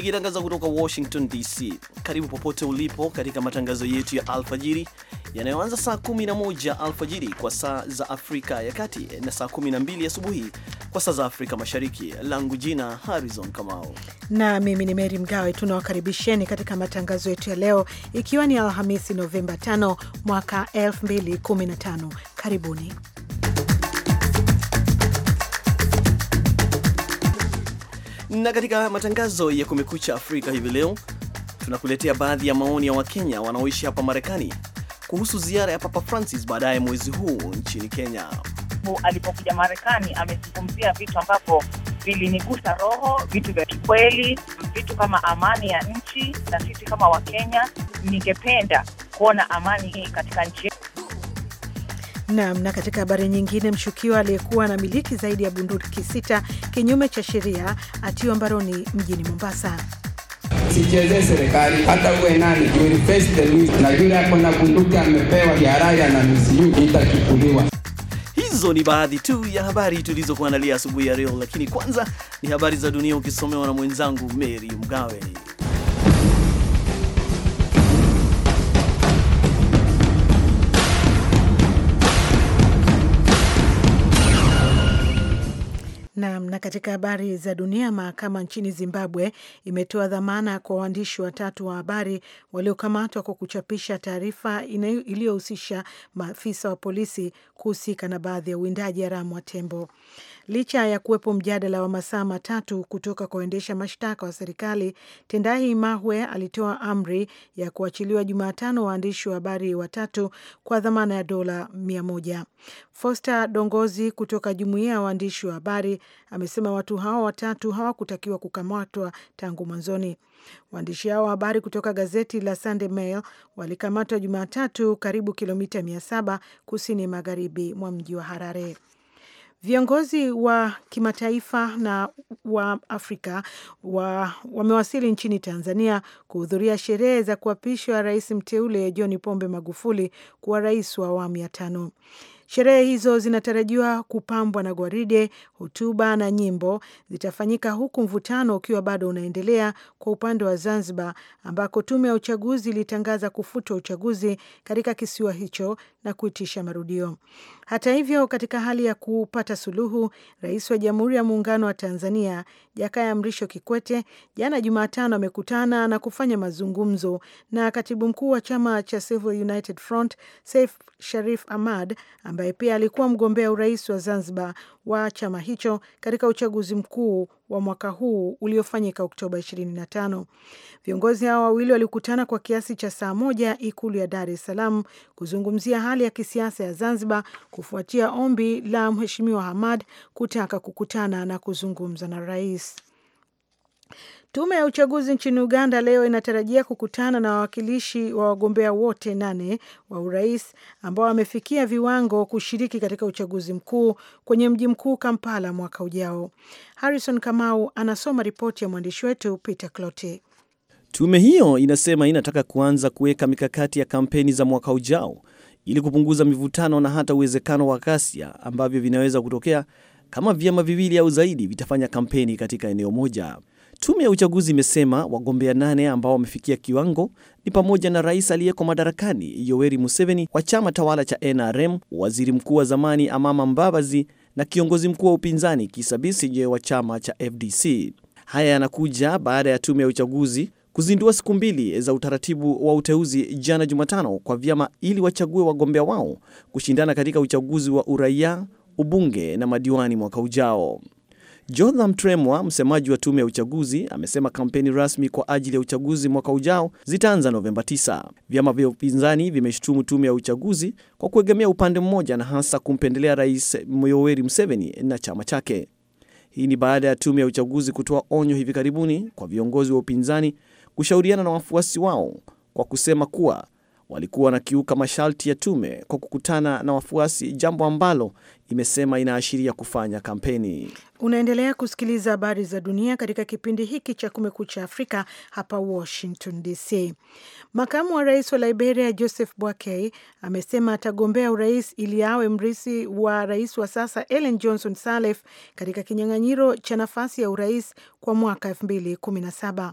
ikitangaza kutoka Washington DC. Karibu popote ulipo katika matangazo yetu ya alfajiri yanayoanza saa 11 alfajiri kwa saa za Afrika ya Kati na saa 12 asubuhi kwa saa za Afrika Mashariki. Langu jina Harrison Kamau na mimi ni Mary Mgawe. Tunawakaribisheni katika matangazo yetu ya leo, ikiwa ni Alhamisi Novemba 5 mwaka 2015. Karibuni. Na katika matangazo ya Kumekucha Afrika hivi leo tunakuletea baadhi ya maoni ya Wakenya wanaoishi hapa Marekani kuhusu ziara ya Papa Francis baadaye mwezi huu nchini Kenya. Alipokuja Marekani amezungumzia vitu ambavyo vilinigusa roho, vitu vya kikweli, vitu kama amani ya nchi, na sisi kama Wakenya ningependa kuona amani hii katika nchi yetu. Naam. Na katika habari nyingine, mshukiwa aliyekuwa na miliki zaidi ya bunduki sita kinyume cha sheria atiwa mbaroni mjini Mombasa. Sichezee serikali hata uwe nani, you will face the law. Na yule ako na bunduki amepewa jaraya na misiu itachukuliwa. Hizo ni baadhi tu ya habari tulizokuandalia asubuhi ya leo, lakini kwanza ni habari za dunia ukisomewa na mwenzangu Mary Mgawe. Na, na katika habari za dunia, mahakama nchini Zimbabwe imetoa dhamana kwa waandishi watatu wa habari waliokamatwa kwa kuchapisha taarifa iliyohusisha maafisa wa polisi kuhusika na baadhi ya uwindaji haramu wa tembo. Licha ya kuwepo mjadala wa masaa matatu kutoka kwa waendesha mashtaka wa serikali, Tendahi Mahwe alitoa amri ya kuachiliwa Jumatano waandishi wa habari watatu kwa dhamana ya dola mia moja. Foster Dongozi kutoka jumuiya ya waandishi wa habari amesema watu hao watatu hawakutakiwa kukamatwa tangu mwanzoni. Waandishi hao wa habari kutoka gazeti la Sunday Mail walikamatwa Jumatatu, karibu kilomita mia saba kusini magharibi mwa mji wa Harare. Viongozi wa kimataifa na wa Afrika wa, wamewasili nchini Tanzania kuhudhuria sherehe za kuapishwa rais mteule John Pombe Magufuli kuwa rais wa awamu ya tano. Sherehe hizo zinatarajiwa kupambwa na gwaride, hotuba na nyimbo zitafanyika huku mvutano ukiwa bado unaendelea kwa upande wa Zanzibar, ambako tume ya uchaguzi ilitangaza kufuta uchaguzi katika kisiwa hicho na kuitisha marudio. Hata hivyo, katika hali ya kupata suluhu, rais wa Jamhuri ya Muungano wa Tanzania Jakaya Mrisho Kikwete jana Jumatano amekutana na kufanya mazungumzo na katibu mkuu wa chama cha Civil United Front Sharif Ahmad ambaye pia alikuwa mgombea urais wa Zanzibar wa chama hicho katika uchaguzi mkuu wa mwaka huu uliofanyika Oktoba 25. Viongozi hao wawili walikutana kwa kiasi cha saa moja ikulu ya Dar es Salaam kuzungumzia hali ya kisiasa ya Zanzibar kufuatia ombi la Mheshimiwa Hamad kutaka kukutana na kuzungumza na rais. Tume ya uchaguzi nchini Uganda leo inatarajia kukutana na wawakilishi wa wagombea wote nane wa urais ambao wamefikia viwango kushiriki katika uchaguzi mkuu kwenye mji mkuu Kampala mwaka ujao. Harrison Kamau anasoma ripoti ya mwandishi wetu Peter Clote. Tume hiyo inasema inataka kuanza kuweka mikakati ya kampeni za mwaka ujao ili kupunguza mivutano na hata uwezekano wa ghasia ambavyo vinaweza kutokea kama vyama viwili au zaidi vitafanya kampeni katika eneo moja. Tume ya uchaguzi imesema wagombea nane ambao wamefikia kiwango ni pamoja na rais aliyeko madarakani Yoweri Museveni wa chama tawala cha NRM, waziri mkuu wa zamani Amama Mbabazi na kiongozi mkuu wa upinzani Kizza Besigye wa chama cha FDC. Haya yanakuja baada ya tume ya uchaguzi kuzindua siku mbili za utaratibu wa uteuzi jana Jumatano kwa vyama ili wachague wagombea wao kushindana katika uchaguzi wa uraia, ubunge na madiwani mwaka ujao. Jotham Tremwa, msemaji wa tume ya uchaguzi, amesema kampeni rasmi kwa ajili ya uchaguzi mwaka ujao zitaanza Novemba 9. Vyama vya upinzani vimeshutumu tume ya uchaguzi kwa kuegemea upande mmoja na hasa kumpendelea Rais Yoweri Museveni na chama chake. Hii ni baada ya tume ya uchaguzi kutoa onyo hivi karibuni kwa viongozi wa upinzani kushauriana na wafuasi wao kwa kusema kuwa walikuwa wanakiuka masharti ya tume kwa kukutana na wafuasi, jambo ambalo imesema inaashiria kufanya kampeni. Unaendelea kusikiliza habari za dunia katika kipindi hiki cha Kumekucha Afrika hapa Washington DC. Makamu wa rais wa Liberia Joseph Boakai amesema atagombea urais ili awe mrithi wa rais wa sasa Ellen Johnson Sirleaf katika kinyang'anyiro cha nafasi ya urais kwa mwaka 217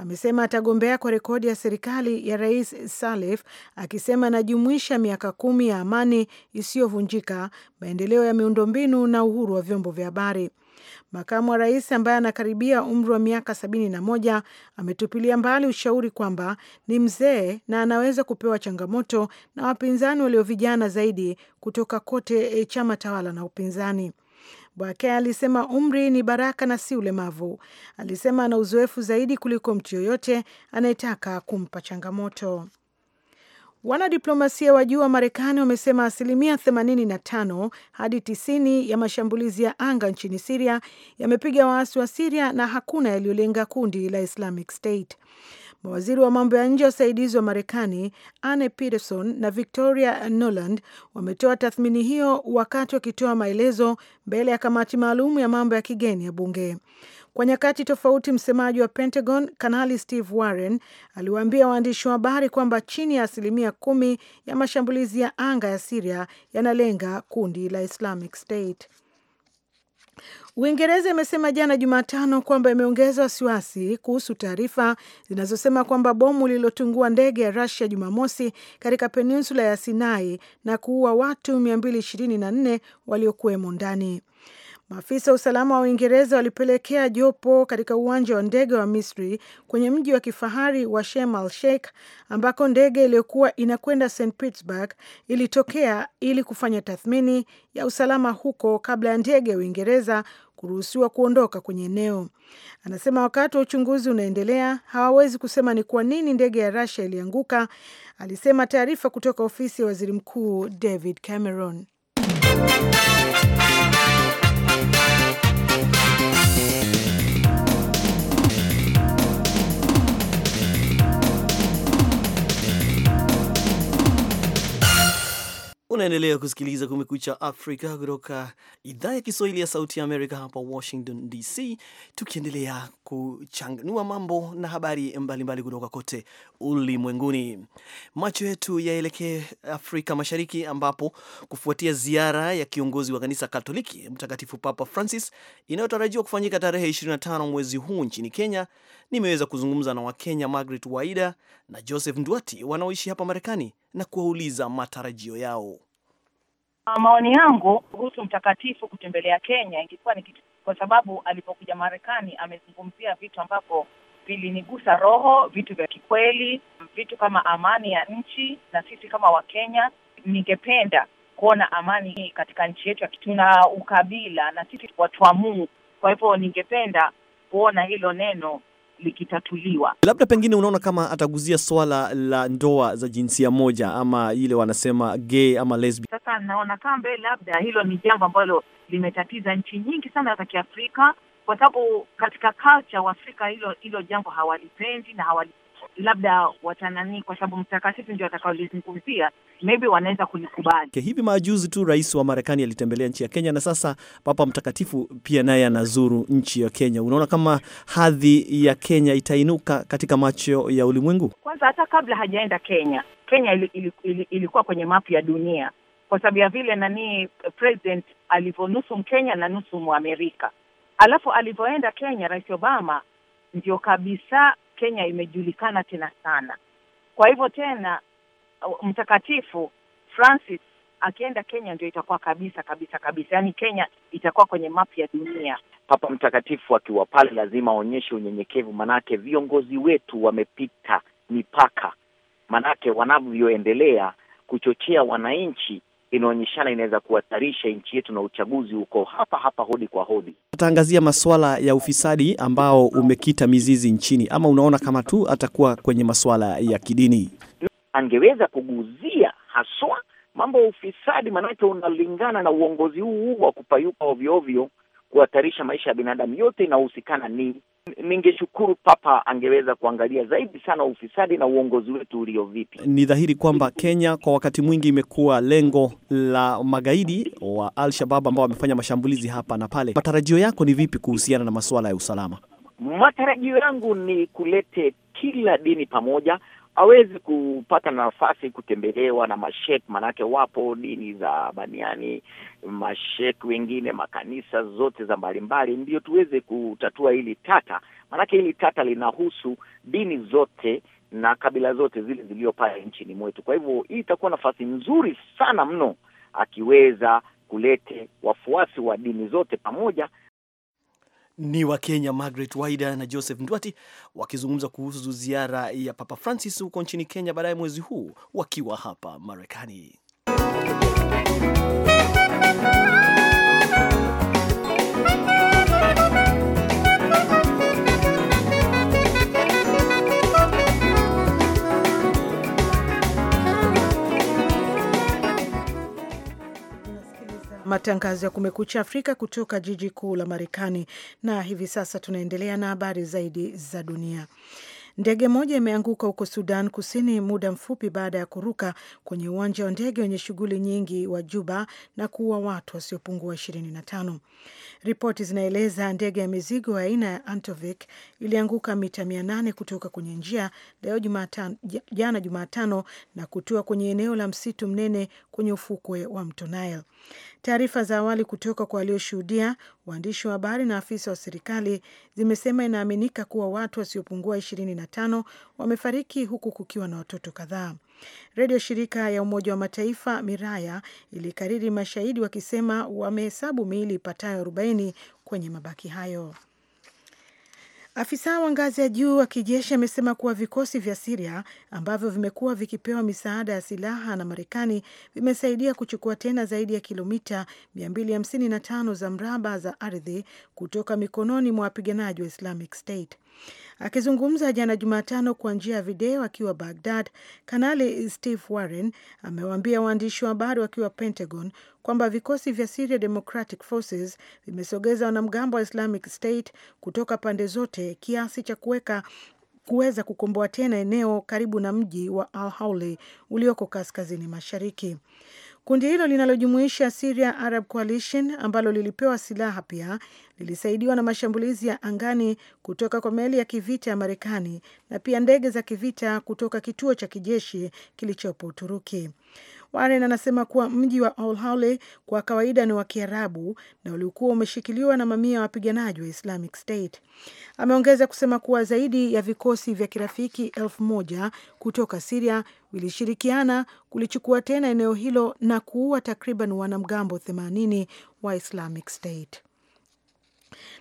amesema atagombea kwa rekodi ya serikali ya Rais salif akisema anajumuisha miaka kumi ya amani isiyovunjika, maendeleo ya miundombinu na uhuru wa vyombo vya habari. Makamu wa rais ambaye anakaribia umri wa miaka sabini na moja ametupilia mbali ushauri kwamba ni mzee na anaweza kupewa changamoto na wapinzani walio vijana zaidi kutoka kote e, chama tawala na upinzani. Bwake alisema umri ni baraka na si ulemavu. Alisema ana uzoefu zaidi kuliko mtu yoyote anayetaka kumpa changamoto. Wanadiplomasia wa juu wa Marekani wamesema asilimia 85 hadi 90 ya mashambulizi ya anga nchini Siria yamepiga waasi wa Siria na hakuna yaliyolenga kundi la Islamic State. Mawaziri wa mambo ya nje ya usaidizi wa Marekani Anne Peterson na Victoria Nuland wametoa tathmini hiyo wakati wakitoa maelezo mbele ya kamati maalum ya mambo ya kigeni ya bunge. Kwa nyakati tofauti, msemaji wa Pentagon Kanali Steve Warren aliwaambia waandishi wa habari kwamba chini ya asilimia kumi ya mashambulizi ya anga ya Siria yanalenga kundi la Islamic State. Uingereza imesema jana Jumatano kwamba imeongeza wasiwasi kuhusu taarifa zinazosema kwamba bomu lililotungua ndege ya Rusia Jumamosi katika peninsula ya Sinai na kuua watu 224 waliokuwemo ndani. Maafisa wa usalama wa Uingereza walipelekea jopo katika uwanja wa ndege wa Misri kwenye mji wa kifahari wa Sharm el Sheikh ambako ndege iliyokuwa inakwenda St Petersburg ilitokea ili kufanya tathmini ya usalama huko kabla ya ndege ya Uingereza kuruhusiwa kuondoka kwenye eneo. Anasema wakati wa uchunguzi unaendelea, hawawezi kusema ni kwa nini ndege ya rasia ilianguka, alisema taarifa kutoka ofisi ya waziri mkuu David Cameron. Unaendelea kusikiliza Kumekucha Afrika kutoka idhaa ya Kiswahili ya Sauti ya Amerika hapa Washington DC, tukiendelea kuchanganua mambo na habari mbalimbali kutoka kote ulimwenguni. Macho yetu yaelekee Afrika Mashariki, ambapo kufuatia ziara ya kiongozi wa kanisa Katoliki Mtakatifu Papa Francis inayotarajiwa kufanyika tarehe 25 mwezi huu nchini Kenya, nimeweza kuzungumza na Wakenya Margaret Waida na Joseph Ndwati wanaoishi hapa Marekani na kuwauliza matarajio yao. Ah, maoni yangu kuhusu mtakatifu kutembelea Kenya ingekuwa ni kitu, kwa sababu alipokuja Marekani amezungumzia vitu ambavyo vilinigusa roho, vitu vya kikweli, vitu kama amani ya nchi, na sisi kama Wakenya ningependa kuona amani hii katika nchi yetu. Tuna ukabila na sisi watu wa Mungu, kwa hivyo ningependa kuona hilo neno likitatuliwa. Labda pengine unaona kama ataguzia swala la ndoa za jinsia moja ama ile wanasema gay ama lesbi. Sasa naona kama labda hilo ni jambo ambalo limetatiza nchi nyingi sana za Kiafrika, kwa sababu katika culture wa Afrika hilo hilo jambo hawalipendi na hawali labda watanani, kwa sababu mtakatifu ndio atakaolizungumzia, maybe wanaweza kulikubali. Hivi majuzi tu rais wa Marekani alitembelea nchi ya Kenya na sasa Papa Mtakatifu pia naye anazuru nchi ya Kenya. Unaona kama hadhi ya Kenya itainuka katika macho ya ulimwengu? Kwanza hata kabla hajaenda Kenya, Kenya ili, ili, ili, ilikuwa kwenye mapu ya dunia kwa sababu ya vile nani president alivyonusu Mkenya na nusu Mwamerika. Alafu alivyoenda Kenya Rais Obama ndio kabisa Kenya imejulikana tena sana. Kwa hivyo tena uh, Mtakatifu Francis akienda Kenya ndio itakuwa kabisa kabisa kabisa, yaani Kenya itakuwa kwenye mapu ya dunia. Papa Mtakatifu akiwa pale lazima aonyeshe unyenyekevu, manake viongozi wetu wamepita mipaka, manake wanavyoendelea kuchochea wananchi inaonyeshana inaweza kuhatarisha nchi yetu na uchaguzi uko hapa hapa hodi kwa hodi. Tutaangazia masuala ya ufisadi ambao umekita mizizi nchini, ama unaona kama tu atakuwa kwenye masuala ya kidini, angeweza kuguzia haswa mambo ya ufisadi, maanake unalingana na uongozi huu huu wa kupayuka ovyoovyo ovyo kuhatarisha maisha ya binadamu, yote inahusikana. Ni ningeshukuru papa angeweza kuangalia zaidi sana ufisadi na uongozi wetu ulio vipi. Ni dhahiri kwamba Kenya kwa wakati mwingi imekuwa lengo la magaidi wa al ambao wamefanya mashambulizi hapa na pale. Matarajio yako ni vipi kuhusiana na masuala ya usalama? Matarajio yangu ni kulete kila dini pamoja hawezi kupata nafasi kutembelewa na mashek, manake wapo dini za baniani, mashek wengine, makanisa zote za mbalimbali, ndio tuweze kutatua hili tata, manake hili tata linahusu dini zote na kabila zote zile zilizo pale nchini mwetu. Kwa hivyo hii itakuwa nafasi nzuri sana mno akiweza kulete wafuasi wa dini zote pamoja ni wa Kenya Margaret Waida na Joseph Ndwati wakizungumza kuhusu ziara ya Papa Francis huko nchini Kenya baadaye mwezi huu wakiwa hapa Marekani. matangazo ya Kumekucha Afrika kutoka jiji kuu la Marekani. Na hivi sasa tunaendelea na habari zaidi za dunia. Ndege moja imeanguka huko Sudan Kusini muda mfupi baada ya kuruka kwenye uwanja wa ndege wenye shughuli nyingi wa Juba na kuua watu wasiopungua tano. Ripoti zinaeleza ndege ya mizigo aina ya Antovik ilianguka mita nane kutoka kwenye njia leo Jumatano, jana Jumatano, na kutua kwenye eneo la msitu mnene kwenye ufukwe wa mto Nile. Taarifa za awali kutoka kwa walioshuhudia, waandishi wa habari na afisa wa serikali zimesema inaaminika kuwa watu wasiopungua ishirini na tano wamefariki huku kukiwa na watoto kadhaa. Redio shirika ya Umoja wa Mataifa Miraya ilikariri mashahidi wakisema wamehesabu miili ipatayo arobaini kwenye mabaki hayo. Afisa wa ngazi ya juu wa kijeshi amesema kuwa vikosi vya Siria ambavyo vimekuwa vikipewa misaada ya silaha na Marekani vimesaidia kuchukua tena zaidi ya kilomita 255 za mraba za ardhi kutoka mikononi mwa wapiganaji wa Islamic State. Akizungumza jana Jumatano kwa njia ya video akiwa Bagdad, Kanali Steve Warren amewaambia waandishi wa habari wakiwa Pentagon kwamba vikosi vya Syria Democratic Forces vimesogeza wanamgambo wa Islamic State kutoka pande zote kiasi cha kuweka kuweza kukomboa tena eneo karibu na mji wa Al Hawle ulioko kaskazini mashariki. Kundi hilo linalojumuisha Syria Arab Coalition ambalo lilipewa silaha pia lilisaidiwa na mashambulizi ya angani kutoka kwa meli ya kivita ya Marekani na pia ndege za kivita kutoka kituo cha kijeshi kilichopo Uturuki. Warren anasema kuwa mji wa Al Hawle kwa kawaida ni wa Kiarabu na ulikuwa umeshikiliwa na mamia ya wapiganaji wa Islamic State. Ameongeza kusema kuwa zaidi ya vikosi vya kirafiki elfu moja kutoka Siria vilishirikiana kulichukua tena eneo hilo na kuua takriban wanamgambo 80 wa Islamic State.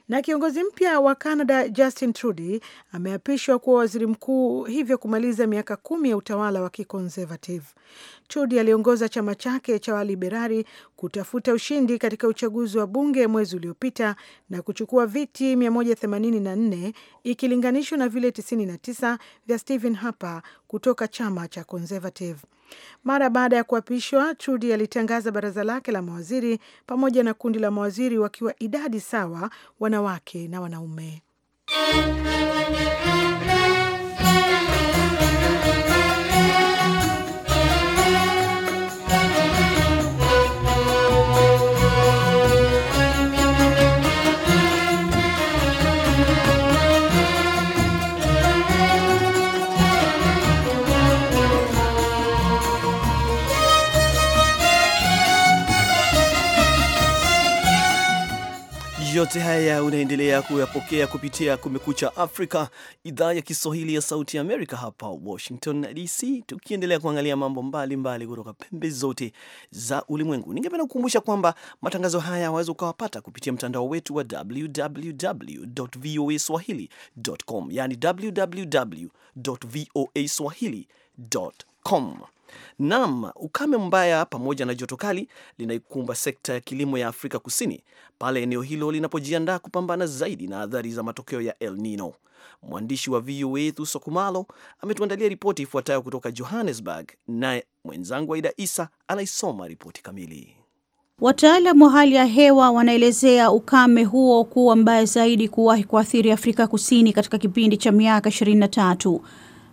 Na kiongozi mpya wa Canada Justin Trudeau ameapishwa kuwa waziri mkuu, hivyo kumaliza miaka kumi ya utawala wa kiconservative. Trudeau aliongoza chama chake cha waliberari kutafuta ushindi katika uchaguzi wa bunge mwezi uliopita na kuchukua viti 184 ikilinganishwa na vile 99 vya Stephen Harper kutoka chama cha Conservative. Mara baada ya kuapishwa, Trude alitangaza baraza lake la mawaziri pamoja na kundi la mawaziri wakiwa idadi sawa, wanawake na wanaume. yote haya unaendelea kuyapokea kupitia Kumekucha Afrika, idhaa ya Kiswahili ya Sauti ya Amerika hapa Washington DC, tukiendelea kuangalia mambo mbalimbali kutoka mbali pembe zote za ulimwengu. Ningependa kukumbusha kwamba matangazo haya waweza ukawapata kupitia mtandao wetu wa www voa swahili.com, yani www voa swahili.com. Naam, ukame mbaya pamoja na joto kali linaikumba sekta ya kilimo ya Afrika Kusini pale eneo hilo linapojiandaa kupambana zaidi na athari za matokeo ya El Nino. Mwandishi wa VOA Thuso Kumalo ametuandalia ripoti ifuatayo kutoka Johannesburg, naye mwenzangu Aida Isa anaisoma ripoti kamili. Wataalamu wa hali ya hewa wanaelezea ukame huo kuwa mbaya zaidi kuwahi kuathiri Afrika Kusini katika kipindi cha miaka 23.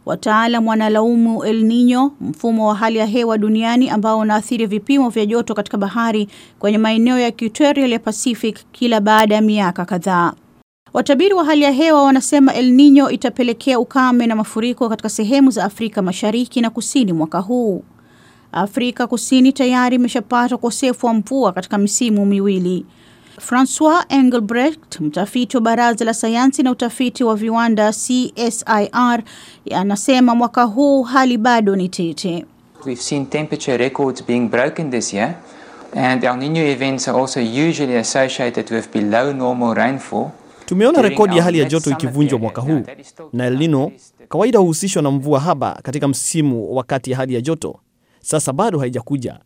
Wataalam wanalaumu El Nino, mfumo wa hali ya hewa duniani ambao unaathiri vipimo vya joto katika bahari kwenye maeneo ya equatorial ya Pacific kila baada ya miaka kadhaa. Watabiri wa hali ya hewa wanasema El Nino itapelekea ukame na mafuriko katika sehemu za Afrika Mashariki na Kusini mwaka huu. Afrika Kusini tayari imeshapata ukosefu wa mvua katika misimu miwili. Francois Engelbrecht, mtafiti wa baraza la sayansi na utafiti wa viwanda CSIR, anasema mwaka huu hali bado ni tete. We've seen temperature records being broken this year and El Nino events are also usually associated with below normal rainfall. Tumeona rekodi ya hali ya joto ikivunjwa mwaka huu, na El Nino kawaida huhusishwa na mvua haba katika msimu wakati ya hali ya joto. Sasa bado haijakuja.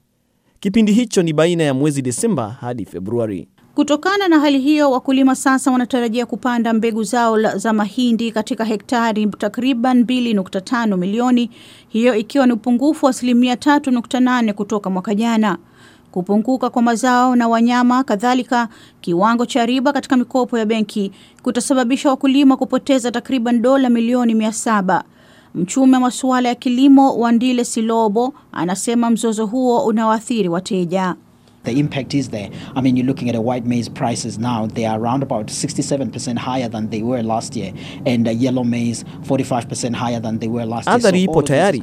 Kipindi hicho ni baina ya mwezi Desemba hadi Februari. Kutokana na hali hiyo, wakulima sasa wanatarajia kupanda mbegu zao za mahindi katika hektari takriban 2.5 milioni, hiyo ikiwa ni upungufu wa asilimia 3.8 kutoka mwaka jana. Kupunguka kwa mazao na wanyama, kadhalika kiwango cha riba katika mikopo ya benki kutasababisha wakulima kupoteza takriban dola milioni mia saba. Mchume wa masuala ya kilimo Wandile Silobo anasema mzozo huo unawaathiri wateja the impact is there. I mean, you're looking at a white maize prices now, they are around about 67% higher than they were last year, and a yellow maize 45% higher than they were last year. Athari ipo tayari.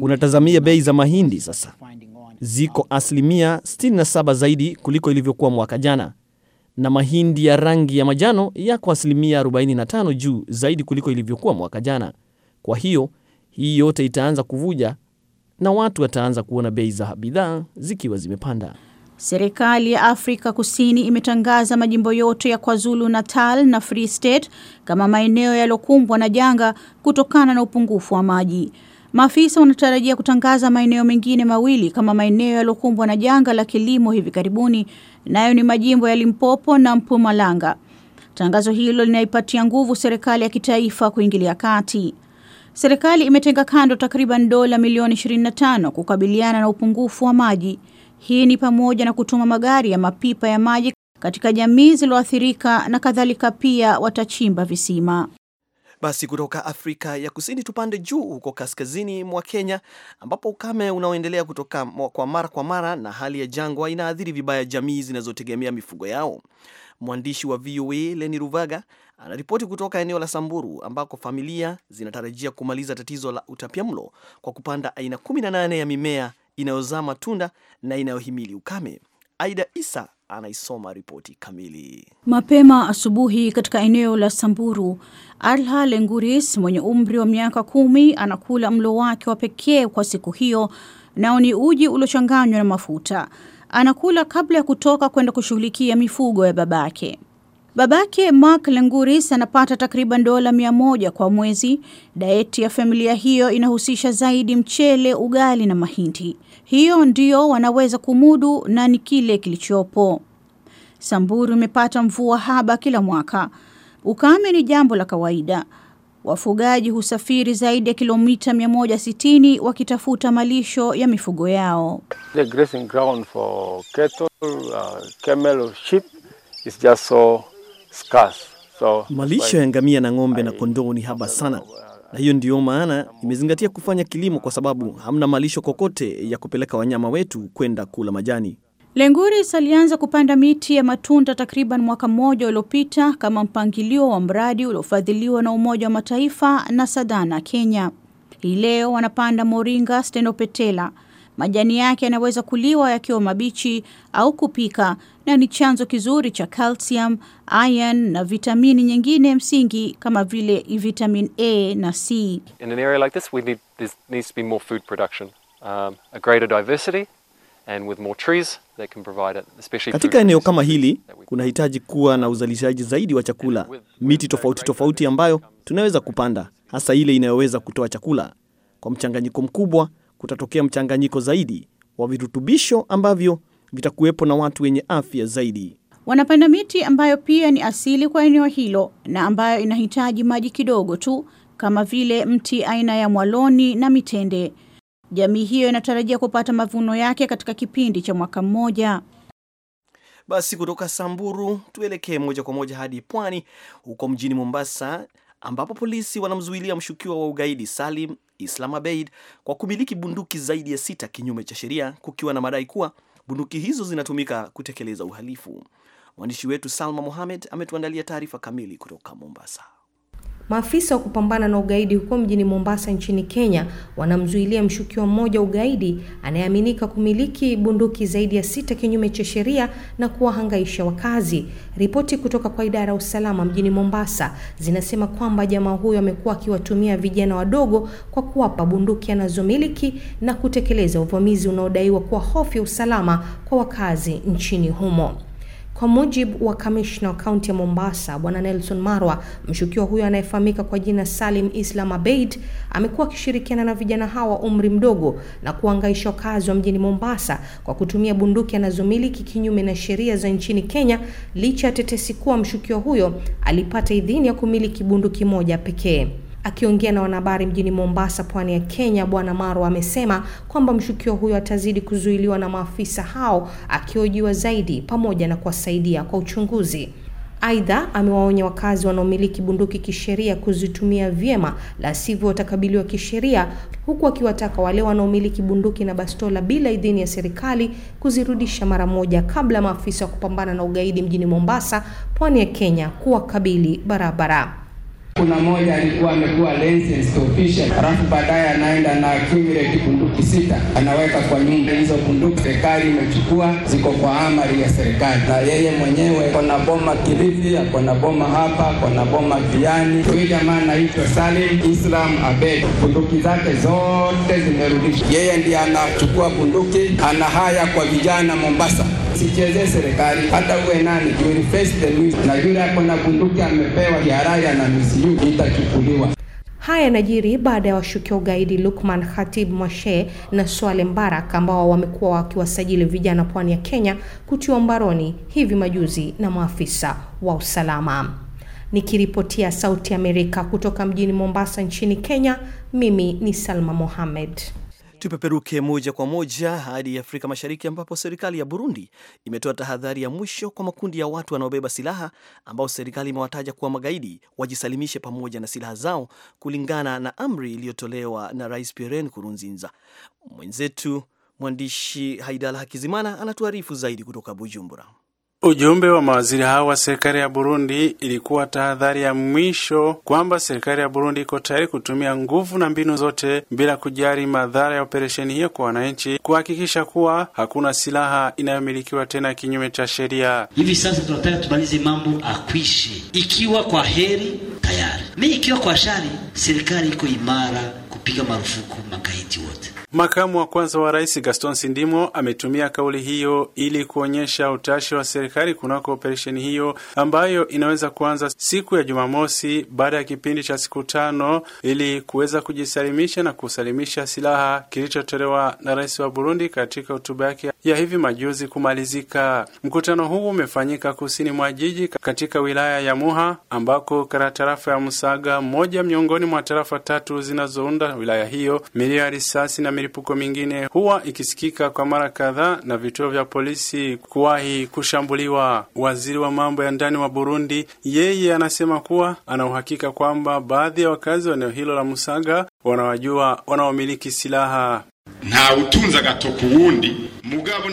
Unatazamia bei za mahindi sasa ziko asilimia 67 zaidi kuliko ilivyokuwa mwaka jana, na mahindi ya rangi ya majano yako asilimia 45 juu zaidi kuliko ilivyokuwa mwaka jana. Kwa hiyo hii yote itaanza kuvuja na watu wataanza kuona bei za bidhaa zikiwa zimepanda. Serikali ya Afrika Kusini imetangaza majimbo yote ya KwaZulu Natal na Free State kama maeneo yaliyokumbwa na janga kutokana na upungufu wa maji. Maafisa wanatarajia kutangaza maeneo mengine mawili kama maeneo yaliyokumbwa na janga la kilimo hivi karibuni, nayo ni majimbo ya Limpopo na Mpumalanga. Tangazo hilo linaipatia nguvu serikali ya kitaifa kuingilia kati serikali imetenga kando takriban dola milioni 25 kukabiliana na upungufu wa maji. Hii ni pamoja na kutuma magari ya mapipa ya maji katika jamii zilizoathirika na kadhalika, pia watachimba visima. Basi kutoka Afrika ya Kusini tupande juu huko kaskazini mwa Kenya, ambapo ukame unaoendelea kutoka kwa mara kwa mara na hali ya jangwa inaathiri vibaya jamii zinazotegemea mifugo yao. Mwandishi wa VOA Leni Ruvaga anaripoti kutoka eneo la Samburu ambako familia zinatarajia kumaliza tatizo la utapiamlo kwa kupanda aina 18 ya mimea inayozaa matunda na inayohimili ukame. Aida Isa anaisoma ripoti kamili. Mapema asubuhi katika eneo la Samburu, Alha Lenguris mwenye umri wa miaka kumi anakula mlo wake wa pekee kwa siku hiyo, nao ni uji uliochanganywa na mafuta. Anakula kabla ya kutoka kwenda kushughulikia mifugo ya babake. Babake Mark Lenguris anapata takriban dola mia moja kwa mwezi. Daeti ya familia hiyo inahusisha zaidi mchele, ugali na mahindi. Hiyo ndiyo wanaweza kumudu na ni kile kilichopo. Samburu imepata mvua haba kila mwaka. Ukame ni jambo la kawaida. Wafugaji husafiri zaidi ya kilomita 160 wakitafuta malisho ya mifugo yao. The grazing ground for cattle, uh, camel or sheep is just so scarce. So, malisho ya ngamia na ng'ombe I, na kondoo ni haba sana, na hiyo ndiyo maana imezingatia kufanya kilimo, kwa sababu hamna malisho kokote ya kupeleka wanyama wetu kwenda kula majani. Lenguris alianza kupanda miti ya matunda takriban mwaka mmoja uliopita kama mpangilio wa mradi uliofadhiliwa na Umoja wa Mataifa na Sadana Kenya. Hii leo wanapanda moringa, stenopetela, Majani yake yanaweza kuliwa yakiwa mabichi au kupika na ni chanzo kizuri cha calcium, iron na vitamini nyingine msingi kama vile vitamin A na C. In an area like this, we need, this needs to be more food production. Um, a greater diversity and with more trees that can provide it, especially Katika eneo kama hili kunahitaji kuwa na uzalishaji zaidi wa chakula, miti tofauti tofauti ambayo tunaweza kupanda, hasa ile inayoweza kutoa chakula kwa mchanganyiko mkubwa kutatokea mchanganyiko zaidi wa virutubisho ambavyo vitakuwepo na watu wenye afya zaidi. Wanapanda miti ambayo pia ni asili kwa eneo hilo na ambayo inahitaji maji kidogo tu kama vile mti aina ya mwaloni na mitende. Jamii hiyo inatarajia kupata mavuno yake katika kipindi cha mwaka mmoja. Basi kutoka Samburu tuelekee moja kwa moja hadi pwani huko mjini Mombasa ambapo polisi wanamzuilia mshukiwa wa ugaidi Salim Islamabad kwa kumiliki bunduki zaidi ya sita kinyume cha sheria, kukiwa na madai kuwa bunduki hizo zinatumika kutekeleza uhalifu. Mwandishi wetu Salma Mohamed ametuandalia taarifa kamili kutoka Mombasa. Maafisa wa kupambana na ugaidi huko mjini Mombasa nchini Kenya wanamzuilia mshukiwa mmoja ugaidi anayeaminika kumiliki bunduki zaidi ya sita kinyume cha sheria na kuwahangaisha wakazi. Ripoti kutoka kwa idara ya usalama mjini Mombasa zinasema kwamba jamaa huyo amekuwa akiwatumia vijana wadogo kwa kuwapa bunduki anazomiliki na kutekeleza uvamizi unaodaiwa kuwa hofu ya usalama kwa wakazi nchini humo. Kwa mujibu wa kamishna wa kaunti ya Mombasa Bwana Nelson Marwa, mshukiwa huyo anayefahamika kwa jina Salim Islam Abeid amekuwa akishirikiana na vijana hawa wa umri mdogo na kuangaisha wakazi wa mjini Mombasa kwa kutumia bunduki anazomiliki kinyume na sheria za nchini Kenya, licha ya tetesi kuwa mshukiwa huyo alipata idhini ya kumiliki bunduki moja pekee. Akiongea na wanahabari mjini Mombasa, pwani ya Kenya, Bwana maro amesema kwamba mshukiwa huyo atazidi kuzuiliwa na maafisa hao akiojiwa zaidi pamoja na kuwasaidia kwa uchunguzi. Aidha, amewaonya wakazi wanaomiliki bunduki kisheria kuzitumia vyema, la sivyo watakabiliwa kisheria, huku akiwataka wale wanaomiliki bunduki na bastola bila idhini ya serikali kuzirudisha mara moja, kabla maafisa wa kupambana na ugaidi mjini Mombasa, pwani ya Kenya, kuwakabili barabara. Kuna moja alikuwa amekuwa license official, halafu baadaye anaenda na accumulate bunduki sita anaweka kwa nyumba hizo. Bunduki serikali imechukua ziko kwa amari ya serikali, na yeye mwenyewe kona boma Kilifi, akona boma hapa, kona boma Viani. Huyu jamaa anaitwa Salim Islam Abed, bunduki zake zote zimerudishwa. Yeye ndiye anachukua bunduki, ana haya kwa vijana Mombasa sicheze serikali, hata uwe nani, you will face the music. Na yule ako na bunduki amepewa kiharaya na misiu itachukuliwa. Haya yanajiri baada ya washukiwa ugaidi Lukman Khatib Mwashe na Swale mbarak ambao wamekuwa wakiwasajili vijana pwani ya Kenya kutiwa mbaroni hivi majuzi na maafisa wa usalama. Nikiripotia Sauti Amerika kutoka mjini Mombasa nchini Kenya, mimi ni Salma Mohamed. Tupeperuke moja kwa moja hadi Afrika Mashariki, ambapo serikali ya Burundi imetoa tahadhari ya mwisho kwa makundi ya watu wanaobeba silaha ambao serikali imewataja kuwa magaidi, wajisalimishe pamoja na silaha zao, kulingana na amri iliyotolewa na Rais Pierre Nkurunziza. Mwenzetu mwandishi Haidala Hakizimana anatuarifu zaidi kutoka Bujumbura. Ujumbe wa mawaziri hao wa serikali ya Burundi ilikuwa tahadhari ya mwisho kwamba serikali ya Burundi iko tayari kutumia nguvu na mbinu zote bila kujali madhara ya operesheni hiyo kwa wananchi, kuhakikisha kuwa hakuna silaha inayomilikiwa tena kinyume cha sheria. Hivi sasa tunataka tumalize mambo akwishi, ikiwa kwa heri tayari mi ikiwa kwa shari serikali iko imara kupiga marufuku magaidi wote. Makamu wa kwanza wa rais Gaston Sindimo ametumia kauli hiyo ili kuonyesha utashi wa serikali kunako operesheni hiyo ambayo inaweza kuanza siku ya Jumamosi baada ya kipindi cha siku tano ili kuweza kujisalimisha na kusalimisha silaha kilichotolewa na rais wa Burundi katika hotuba yake ya hivi majuzi kumalizika. Mkutano huu umefanyika kusini mwa jiji katika wilaya ya Muha ambako kana tarafa ya Musaga, moja miongoni mwa tarafa tatu zinazounda wilaya hiyo, milio ya risasi na milio milipuko mingine huwa ikisikika kwa mara kadhaa na vituo vya polisi kuwahi kushambuliwa. Waziri wa mambo ya ndani wa Burundi yeye anasema kuwa ana uhakika kwamba baadhi ya wakazi wa eneo hilo la Musaga wanawajua wanaomiliki silaha. na utunza agatoki uwundi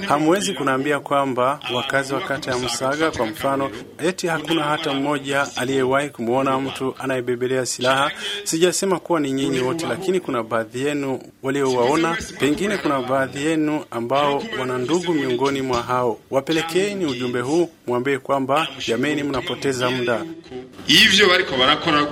Hamwezi kunaambia kwamba wakazi wa kata ya Msaga kwa mfano, eti hakuna hata mmoja aliyewahi kumwona mtu anayebebelea silaha. Sijasema kuwa ni nyinyi wote, lakini kuna baadhi yenu waliowaona. Pengine kuna baadhi yenu ambao wana ndugu miongoni mwa hao. Wapelekeeni ujumbe huu, mwambie kwamba jameni, mnapoteza muda hivyo bariko barakora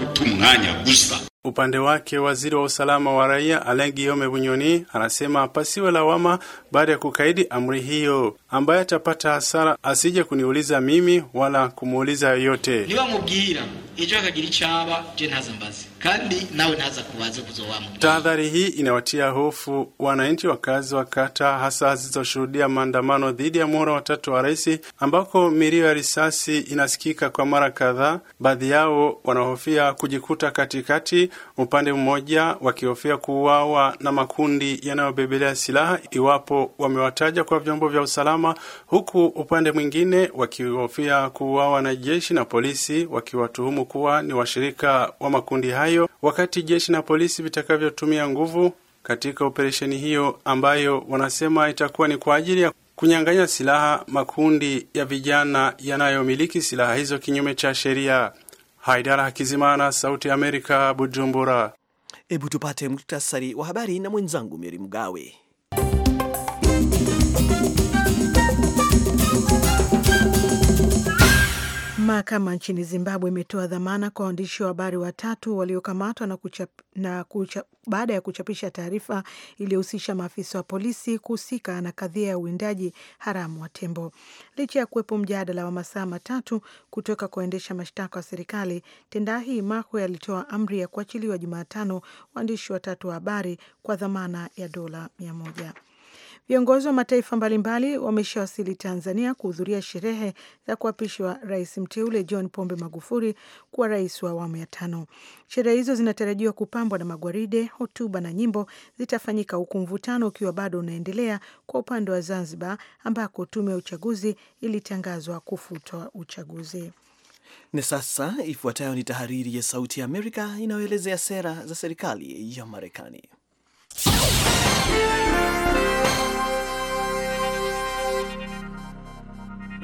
gusa. Upande wake waziri wa usalama wa raia Alain Guillaume Bunyoni anasema pasiwe lawama baada ya kukaidi zaidi amri hiyo, ambaye atapata hasara asije kuniuliza mimi wala kumuuliza yoyote. niwamubwira ejo akagira icaba je ntazambaze kandi nawe naza kubaza kuzowamo. Tahadhari hii inawatia hofu wananchi wakazi wa kata hasa zilizoshuhudia maandamano dhidi ya muhula watatu wa rais, ambako milio ya risasi inasikika kwa mara kadhaa. Baadhi yao wanahofia kujikuta katikati, upande mmoja wakihofia kuuawa na makundi yanayobebelea silaha iwapo wamewataja kwa vyombo vya usalama, huku upande mwingine wakihofia kuuawa na jeshi na polisi, wakiwatuhumu kuwa ni washirika wa makundi hayo hayo wakati jeshi na polisi vitakavyotumia nguvu katika operesheni hiyo ambayo wanasema itakuwa ni kwa ajili ya kunyang'anya silaha makundi ya vijana yanayomiliki silaha hizo kinyume cha sheria. Haidara Hakizimana, Sauti ya Amerika, Bujumbura. Hebu tupate muktasari wa habari na mwenzangu Meri Mgawe. Mahakama nchini Zimbabwe imetoa dhamana kwa waandishi wa habari watatu waliokamatwa na kuchap, na kuchap, baada ya kuchapisha taarifa iliyohusisha maafisa wa polisi kuhusika na kadhia ya uwindaji haramu wa tembo. Licha ya kuwepo mjadala wa masaa matatu kutoka kwa waendesha mashtaka wa serikali, Tendahi Mahwe alitoa amri ya kuachiliwa Jumatano waandishi watatu wa habari kwa dhamana ya dola mia moja. Viongozi wa mataifa mbalimbali wameshawasili Tanzania kuhudhuria sherehe za kuapishwa rais mteule John Pombe Magufuli kuwa rais wa awamu ya tano. Sherehe hizo zinatarajiwa kupambwa na magwaride, hotuba na nyimbo zitafanyika, huku mvutano ukiwa bado unaendelea kwa upande wa Zanzibar, ambako tume ya uchaguzi ilitangazwa kufutwa uchaguzi. Na sasa ifuatayo ni tahariri ya Sauti ya Amerika inayoelezea sera za serikali ya Marekani.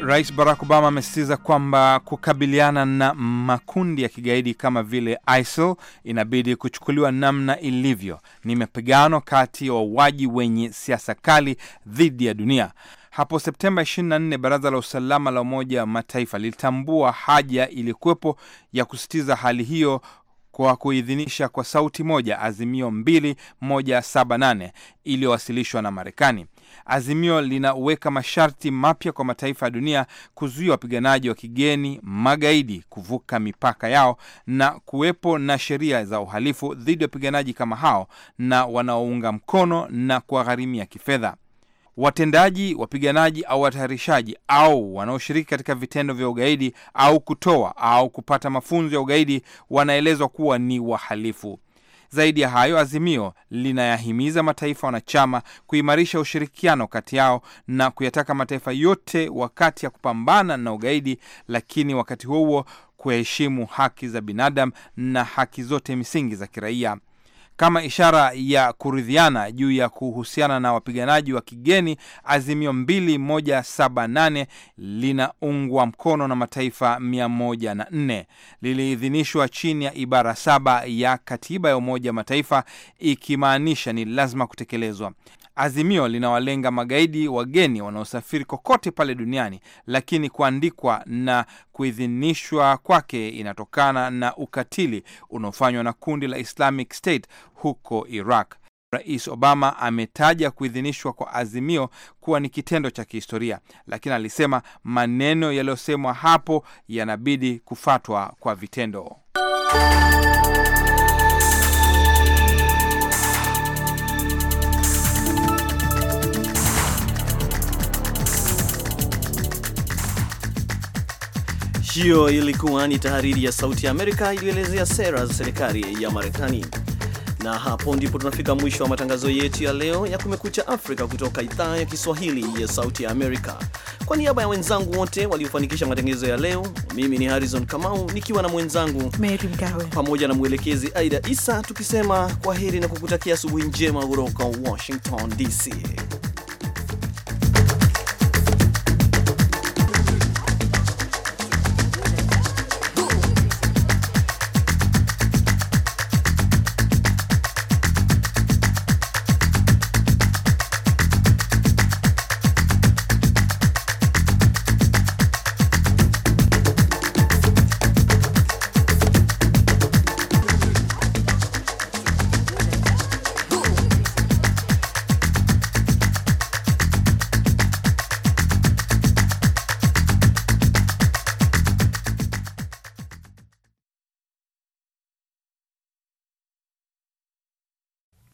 Rais Barack Obama amesisitiza kwamba kukabiliana na makundi ya kigaidi kama vile ISIL inabidi kuchukuliwa namna ilivyo, ni mapigano kati ya wauaji wenye siasa kali dhidi ya dunia. Hapo Septemba 24 baraza la usalama la Umoja wa Mataifa lilitambua haja iliyokuwepo ya kusitiza hali hiyo kwa kuidhinisha kwa sauti moja azimio 2178 iliyowasilishwa na Marekani. Azimio linaweka masharti mapya kwa mataifa ya dunia kuzuia wapiganaji wa kigeni magaidi kuvuka mipaka yao na kuwepo na sheria za uhalifu dhidi ya wapiganaji kama hao na wanaounga mkono na kuwagharimia kifedha watendaji, wapiganaji au watayarishaji au wanaoshiriki katika vitendo vya ugaidi au kutoa au kupata mafunzo ya ugaidi wanaelezwa kuwa ni wahalifu. Zaidi ya hayo, azimio linayahimiza mataifa wanachama kuimarisha ushirikiano kati yao na kuyataka mataifa yote wakati ya kupambana na ugaidi, lakini wakati huo huo kuheshimu haki za binadamu na haki zote msingi za kiraia kama ishara ya kuridhiana juu ya kuhusiana na wapiganaji wa kigeni. Azimio 2178 linaungwa mkono na mataifa 104, liliidhinishwa chini ya ibara saba ya katiba ya Umoja wa Mataifa, ikimaanisha ni lazima kutekelezwa. Azimio linawalenga magaidi wageni wanaosafiri kokote pale duniani, lakini kuandikwa na kuidhinishwa kwake inatokana na ukatili unaofanywa na kundi la Islamic State huko Iraq. Rais Obama ametaja kuidhinishwa kwa azimio kuwa ni kitendo cha kihistoria, lakini alisema maneno yaliyosemwa hapo yanabidi kufatwa kwa vitendo. Hiyo ilikuwa ni tahariri ya Sauti ya Amerika iliyoelezea sera za serikali ya Marekani. Na hapo ndipo tunafika mwisho wa matangazo yetu ya leo ya Kumekucha Afrika kutoka idhaa ya Kiswahili ya Sauti ya Amerika. Kwa niaba ya wenzangu wote waliofanikisha matangazo ya leo, mimi ni Harrison Kamau nikiwa na mwenzangu Mary Mgawe pamoja na mwelekezi Aida Isa, tukisema kwa heri na kukutakia asubuhi njema kutoka Washington DC.